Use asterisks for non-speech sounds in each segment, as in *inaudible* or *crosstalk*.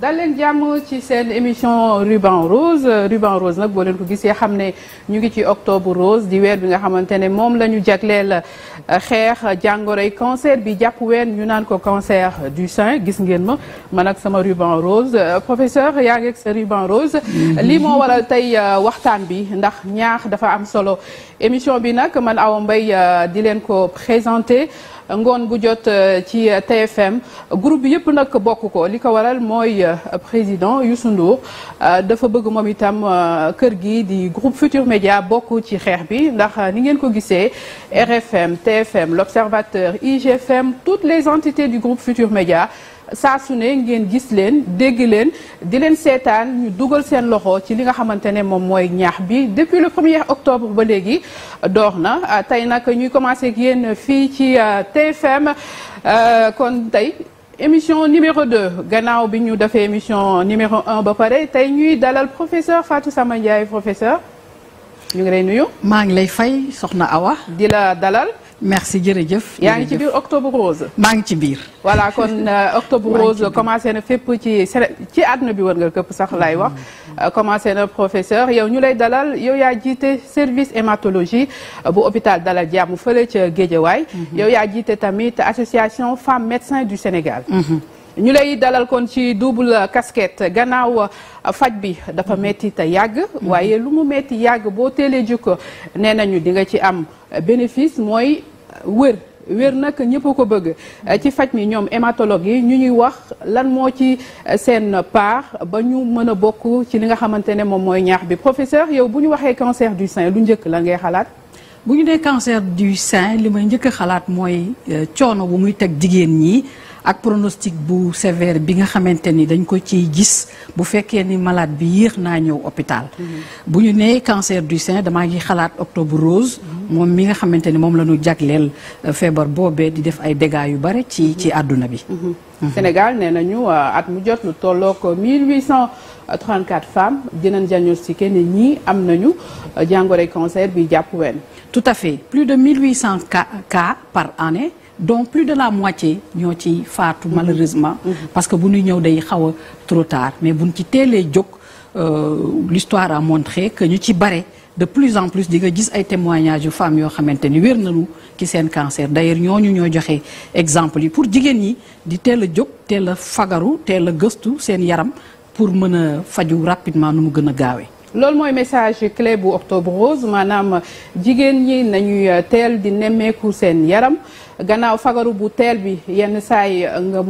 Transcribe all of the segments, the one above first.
dal leen jàmm ci seen émission ruban rose ruban rose nag boo leen ko gisee xam ne ñu ngi ci octobre rose di weer bi nga xamante ne moom la ñu jagleel euh, xeex jàngoroy cancer bi jàpp ween ñu naan ko cancer du sein gis ngeen ma man ak sama ruban rose euh, professeur yaa ngi ak sa ruban rose mm-hmm. lii moo waral tey euh, waxtaan bi ndax ñaax dafa am solo émission bi nag man Awa Mbaye di leen ko présenté ngoon gu jot euh, ci euh, TFM groupe bi yëpp nag bokk ko li ko waral mooy euh, président Youssou Ndour dafa bëgg moom itam kër gi di groupe Futur Média bokk ci xeex bi ndax ni ngeen ko gisee RFM TFM l'Observateur IGFM toutes les entités du groupe Futur Média saa su ne ngeen gis leen dégg leen di leen seetaan ñu dugal seen loxo ci li nga xamante ne moom mooy ñaax bi depuis le premier octobre ba léegi doox na ah, tey nag ñuy commencé ak fii ci ah, TFM ah, kon tey émission numéro 2 gannaaw bi ñu defee émission numéro 1 ba pare tey ñuy dalal professeur Fatou Sama Ndiaye professeur ñu ngi lay nuyu. maa ngi lay fay soxna Awa. di la dalal. merci jërëjëf. yaa ngi ci biir octobre rose. maa ngi ci biir. voilà kon *laughs* euh, octobre rose commencé na fépp ci ci àdduna bi war nga këpp sax laay wax. Mm. Euh, commencé na professeur yow ñu lay dalal yow yaa jiite service hématologie bu hôpital Dalal Jàmm fële ca Géejawaay. Mm-hmm. yow yaa jiite tamit association femmes médecins du Sénégal. Mm -hmm. ñu lay dalal kon ci double casquette gannaaw uh, faj bi dafa mm-hmm. metti te yàgg. Mm-hmm. waaye lu mu metti yàgg boo teelee jukko nee nañu di nga ci am uh, bénéfice mooy uh, wër. wér nag ñëpp ko bëgg ci faj bi ñoom hématologue yi ñu ñuy wax lan moo ci seen part ba ñu mën a bokk ci li nga xamante ne moom mooy ñaax bi professeur yow bu ñu waxee cancer du sein lu njëkk la ngay xalaat. bu ñu nee cancer du sein li may njëkk xalaat mooy coono bu muy teg jigéen ñi. ak pronostic bu sévère bi nga xamante ni dañ ko ci gis bu fekkee ni malade bi yéex naa ñëw hôpital. Mhm. bu ñu nee cancer du sein damaa ngi xalaat octobre rose. Mhm. moom mi nga xamante ni moom la ñu jagleel euh, feebar boobe di def ay dégâts yu bare ci mhm. ci àdduna bi. Sénégal nee nañu euh, at mu jot lu tollook 1834 femmes dinañ diagnostiqué ne ñii am nañu euh, jàngoro cancer bi jàpp ween. tout à fait plus de 1800 cas cas par année. donc plus de la moitié ñoo ci faatu mhm. malheureusement mhm. parce que bu ñuy ñëw day xaw a trop tard mais buñ ci teelee jóg euh, l'histoire a montré que ñu ci bare de plus en plus di nga gis ay témoignages yu femmes yoo xamante ni wér nañu ci seen cancer ñoo ñu ñoo joxe exemple yi pour jigéen ñi di teel a jóg teel a fagaru teel a gëstu seen yaram pour mën a faju rapidement nu mu gën a gaawee loolu mooy message clé bu octobre rose maanaam jigéen ñi nañuy teel di nemmeeku seen yaram gannaaw fagaru bu teel bi yenn saay nga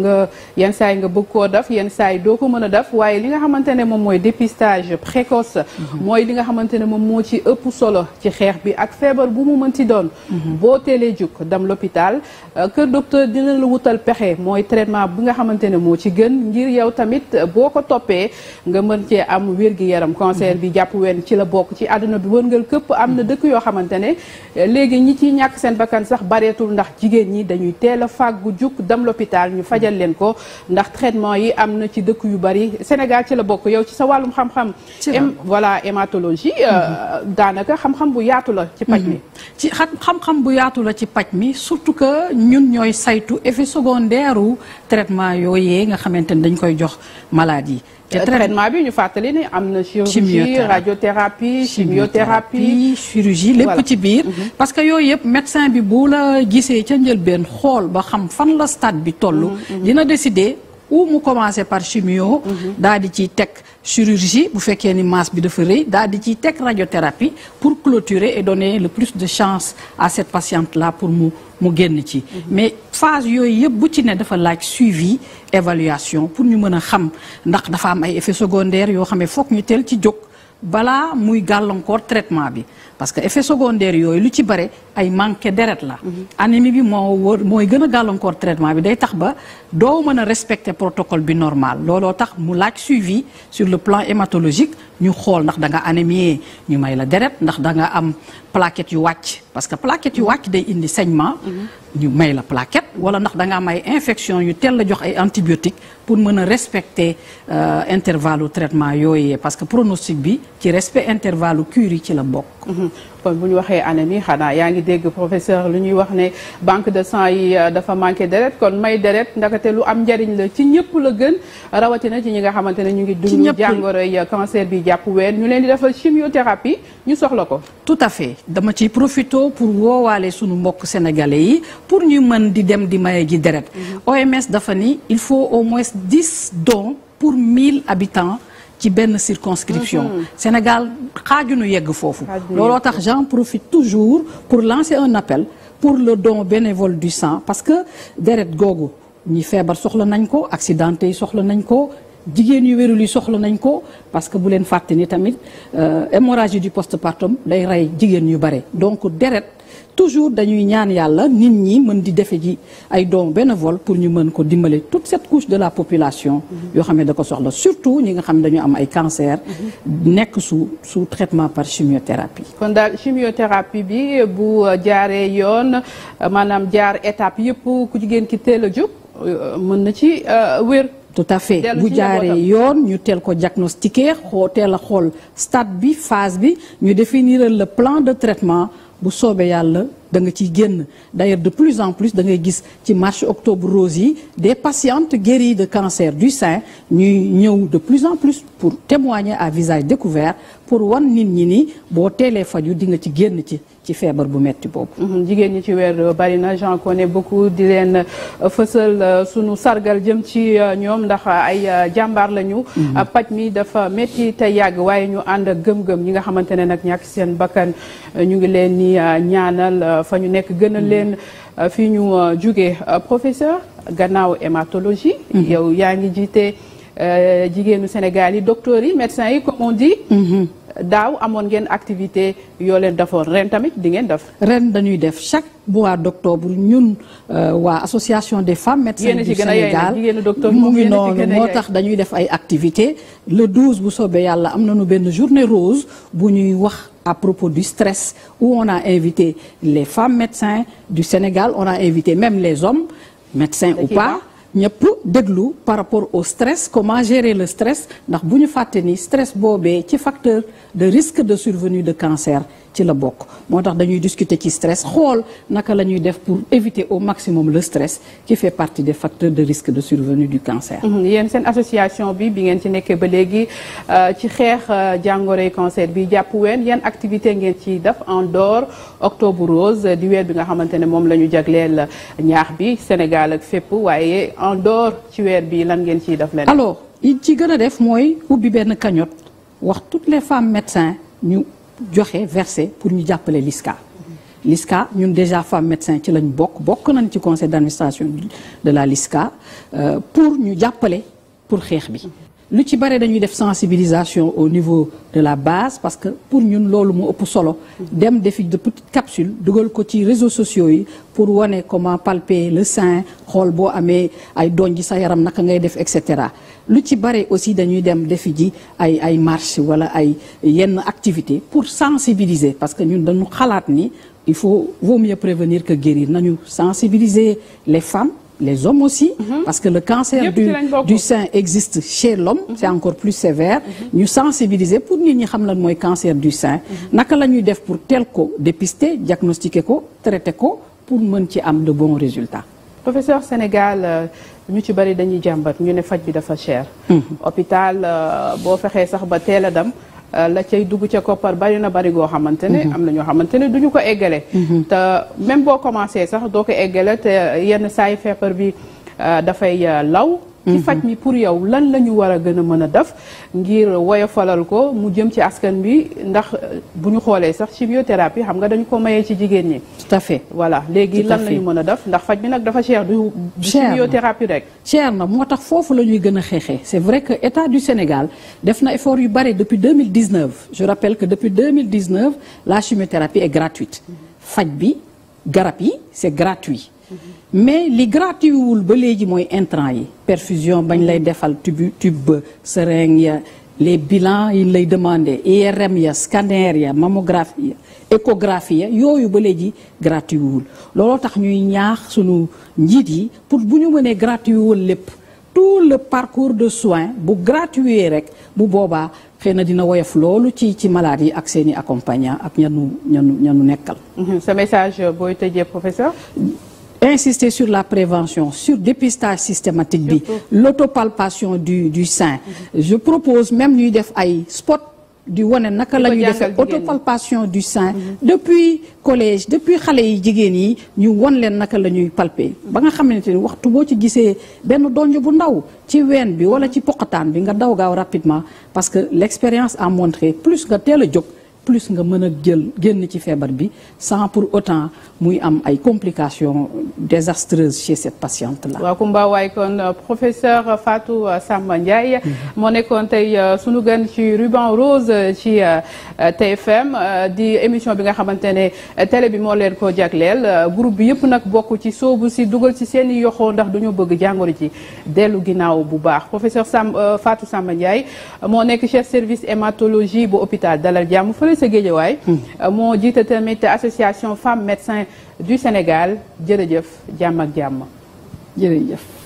nga yenn saay nga bëgg koo def yenn saay doo ko mën a def waaye li nga xamante ne moom mooy dépistage précoce mhm. mooy li nga xamante ne moom moo ci ëpp solo ci xeex bi ak feebar bu mu mën ci doon mhm. boo teelee jug dem l'hôpital euh, kër docteur dina la wutal pexe mooy traitement bi nga xamante ne moo ci gën ngir yow tamit boo ko toppee nga mën cee am wér-gi-yaram mhm. cancer bi jàpp wenn ci la bokk ci àdduna bi wërngal këpp am na dëkk yoo xamante ne euh, léegi ñi ci ñàkk seen bakkan bareetul ndax jigéen ñi dañuy teel a fàggu jug dem l'hôpital ñu fajal leen ko ndax traitement yi am na ci dëkk yu bari Sénégal ci la bokk yow ci sa wàllum xam-xam voilà hématologie euh, mm-hmm. daanaka xam-xam bu yaatu la ci paj mi mm-hmm. ci xam-xam bu yaatu la ci paj mi surtout que ñun ñooy saytu effet secondaire u traitement yooyee nga xamante ne dañ koy jox malade yi te traitement bi ñu fàttali ne am na chirurgie radiothérapie chimiothérapie chirurgie lépp ci biir mm-hmm. parce que yooyu yëpp médecin bi bu gis gisee ca njëlbeen xool ba xam fan la stade bi toll. Mm-hmm, mm-hmm. dina décider ou mu commencer par chimio. Mm-hmm. daal di ciy teg chirurgie bu fekkee ni masse bi dafa rëy daal di ciy teg radiothérapie pour clôturer et donner le plus de chance à cette patiente la pour mu mu génn ci. mais phase yooyu yëpp bu ci ne dafa laaj suivi évaluation pour ñu mën a xam ndax dafa am ay effet secondaires yoo xam ne foog ñu teel ci jóg. balaa muy gàllankoor traitement bi parce que effet secondaire yooyu lu ci bare ay manqué deret la mhm. anémie bi moo wër mooy gën a gàllankoor traitement bi day tax ba doo mën a respecter protocole bi normal looloo tax mu laaj suivi sur le plan hématologique ñu xool ndax danga nga anémie ñu may la deret ndax da nga am plaquettes yu wàcc parce que plaquettes yu wàcc day indi saignement. Mhm. ñu may la plaquette wala ndax da ngaa may infection yu teel la jox ay antibiotiques pour mën a respecter euh, intervalle traitement yooyu parce que pronostic bi ci respect intervalle cure yi ci la bokk. Mhm. kon bu ñu waxee anémie xanaa yaa ngi dégg professeur lu ñuy wax ne banque de sang yi euh, dafa manqué deret kon may deret ndakate lu am njariñ la ci ñëpp la gën rawatina ci ñi nga xamante ne ñu ngi dund jàngoroy cancer bi jàpp ween ñu leen di defal chimiothérapie ñu soxla ko tout à fait dama ciy profito pour woowaale suñu mbokk sénégalais yi pour ñu mën di dem di maye ji deret mhm. OMS dafa ni il faut au moins dix dons pour mille habitants ci benn circonscription. Mhm. Sénégal xaajunu yegg foofu. looloo tax j'en profite toujours pour lancer un appel pour le don bénévole du sang parce que deret googu ñi feebar soxla nañ ko accidenté yi soxla nañ ko. jigéen yu wérul yi soxla nañ ko parce que bu leen fàtte ni tamit euh, hémorragie du postpartum day rey jigéen yu bare donc deret. toujours dañuy ñaan yàlla nit ñi mën di defe ji ay doom doomu bénévole pour ñu mën ko dimbale tout cette couche de la population mhm. yoo xam ne da ko soxla surtout ñi nga xam ne dañu am ay cancer mhm. nekk su su traitement par chimiothérapie kon daal chimiothérapie bi bu euh, jaaree yoon euh, maanaam jaar étape yëpp ku jigéen ki teel a jóg euh, mën na ci wér tout à fait bu jaaree yoon ñu teel ko diagnostiquer xoo teel a xool stade bi phase bi ñu définir le plan de traitement bu soobee yàlla da nga ciy génn d'ailleurs de plus en plus da ngay gis ci marche octobre rose yi des patientes guéries de cancer du sein ñuy ñëw de plus en plus pour témoigner à visage découvert pour wan nit ñi ni boo teelee faju di nga ci génn ci ci feebar bu metti boobu. Mm-hmm. jigéen ñi ci weer bari na j'en connais beaucoup di leen euh, fësal euh, sunu sargal jëm ci euh, ñoom ndax ay jàmbaar lañu. Mm-hmm. paj mi dafa metti te yàgg waaye ñu ànd ak gëm-gëm ñi nga xamante ne nag ñàkk seen bakkan ñu ngi leen fa ñu nekk gën a leen euh, fi ñu euh, jugee euh, professeur gannaaw hématologie mhm. yow yaa ngi jiite jigéenu Sénégal yi docteurs yi médecins yi comme on dit mhm. daaw amoon ngeen activité yoo leen defoon ren tamit di ngeen def. ren dañuy def chaque mois d' octobre ñun euh, waa association des femmes médecins du Sénégal mu ngi noonu moo tax dañuy def ay activité le 12 bu soobee yàlla am na nañu benn journée rose bu ñuy wax. à propos du stress où on a invité les femmes médecins du Sénégal on a invité même les hommes médecins ou pas ñëpp déglu par rapport au stress comment gérer le stress ndax bu ñu fàtte ni stress boobee ci facteur de risque de survenue de cancer ci la bokk moo tax dañuy discuter ci stress xool naka la ñuy def pour éviter au maximum le stress qui fait partie de facteurs de risque de survenue du cancer. Mm-hmm. yéen seen association bi bi ngeen ci nekkee ba léegi euh, ci xeex euh, jàngoroy cancer bi jàpp ween yan activité ngeen ci def en dehors octobre rose di bi nga xamante ne moom la ñu jagleel ñaax bi Sénégal ak fépp en dehors ci weer bi lan ngeen ciy def leneen. alors yi ci gën a def mooy ubbi benn cagnotte wax toutes les femmes médecins ñu joxe verse pour ñu jàppale liska LISCA ñun déjà femmes médecins ci lañ bokk bokk nañ ci conseil d'administration de la LISCA euh, pour ñu jàppale pour xeex bi. lu ci bare dañuy def sensibilisation au niveau de la base parce que pour ñun loolu moo ëpp solo dem defi de petite capsule dugal ko ci réseaux sociaux yi pour wane comment palpe le sein xool boo amee ay doñ ji sax yaram naka ngay def et cetera lu ci bare aussi dañuy dem defi ji ay ay marche wala ay yenn activité pour sensibiliser parce que ñun dañu xalaat ni il faut vaut mieux prévenir que guérir nañu sensibiliser les femmes les hommes aussi. Mhm. parce que le cancer du du sein existe chez l'homme mm -hmm. c'est encore plus sévère. Mhm. ñu sensibiliser pour nit ñi xam lan mooy cancer du sein. Mhm. naka la ñuy def pour teel ko dépister diagnostiquer ko traiter ko pour mën ci am de bons résultats. professeur Sénégal euh, ñu ci bari dañuy jàmbat ñu ne faj bi dafa cher. hôpital euh, boo fexee sax ba teel a dem Euh, la cay dugg ca koppar bari na bari goo xamante ne mhm. am na ñoo xamante ne du ñu ko eggale mhm. te même boo commencé sax doo ko eggale te yenn saa yi feebar bi euh, dafay euh, law ci mhm. faj mi pour yow lan la ñu war a gën a mën a def ngir woyofalal ko mu jëm ci askan bi ndax euh, bu ñu xoolee sax chimiothérapie xam nga dañu ko mayee ci jigéen ñi. tout à fait léegi lan la ñu mën a def ndax faj mi nag dafa cher du. chimiothérapie rek. cher na moo tax foofu la ñuy gën a xeexee c'est vrai que état du Sénégal def na effort yu bari depuis 2019 je rappelle que depuis 2019 la chimiothérapie est gratuite faj bi garab yi c'est gratuit. mais li gratuit wul ba léegi mooy intrant yi perfusion bañ lay defal tube tube seringue ya les bilans yi lay demandé IRM ya scanner ya mammographie ya échographie ya yooyu ba léegi gratuit wul looloo tax ñuy ñaax sunu njiit yi pour bu ñu mënee gratuit wul lépp tout le parcours de soins bu gratuit rek bu boobaa xëy dina woyof loolu ci ci malade yi ak seen i accompagnant ak ñanu ñanu nekkal. Mhm. sa message booy tëjee professeur. insister sur la prévention sur dépistage systématique bi l'autopalpation du du sein je propose même ñuy def ay spot di wane naka la ñuy defee autopalpation du sein mhm. depuis collège depuis xale yi jigéen yi ñu won leen naka la ñuy palper ba nga xamante ni waxtu boo ci gisee benn donj bu ndaw ci ween bi wala ci poqataan bi nga daw gaaw rapidement parce que l'expérience a montre plus nga teel a jóg plus nga mën a jël génn ci feebar bi sans pour autant muy am ay complications désastreuses ci cette patiente là. waaw Kumba waaye kon euh, professeur faatu euh, Samba Ndiaye. Mhm. moo nekkoon tey euh, sunu gan ci ruban rose ci TFM di émission bi nga xamante ne télé bi moo leen ko jagleel groupe yëpp nag bokk ci soobu si dugal ci seen i ndax dañoo bëgg jàngoro ji dellu ginnaaw bu baax professeur Sam Fatou Samba nekk chef service hématologie bu hôpital Dalal Jàmm fële fële sa Géejawaay moo jiita tamit association femmes médecins du Sénégal jërëjëf jàmm ak jàmm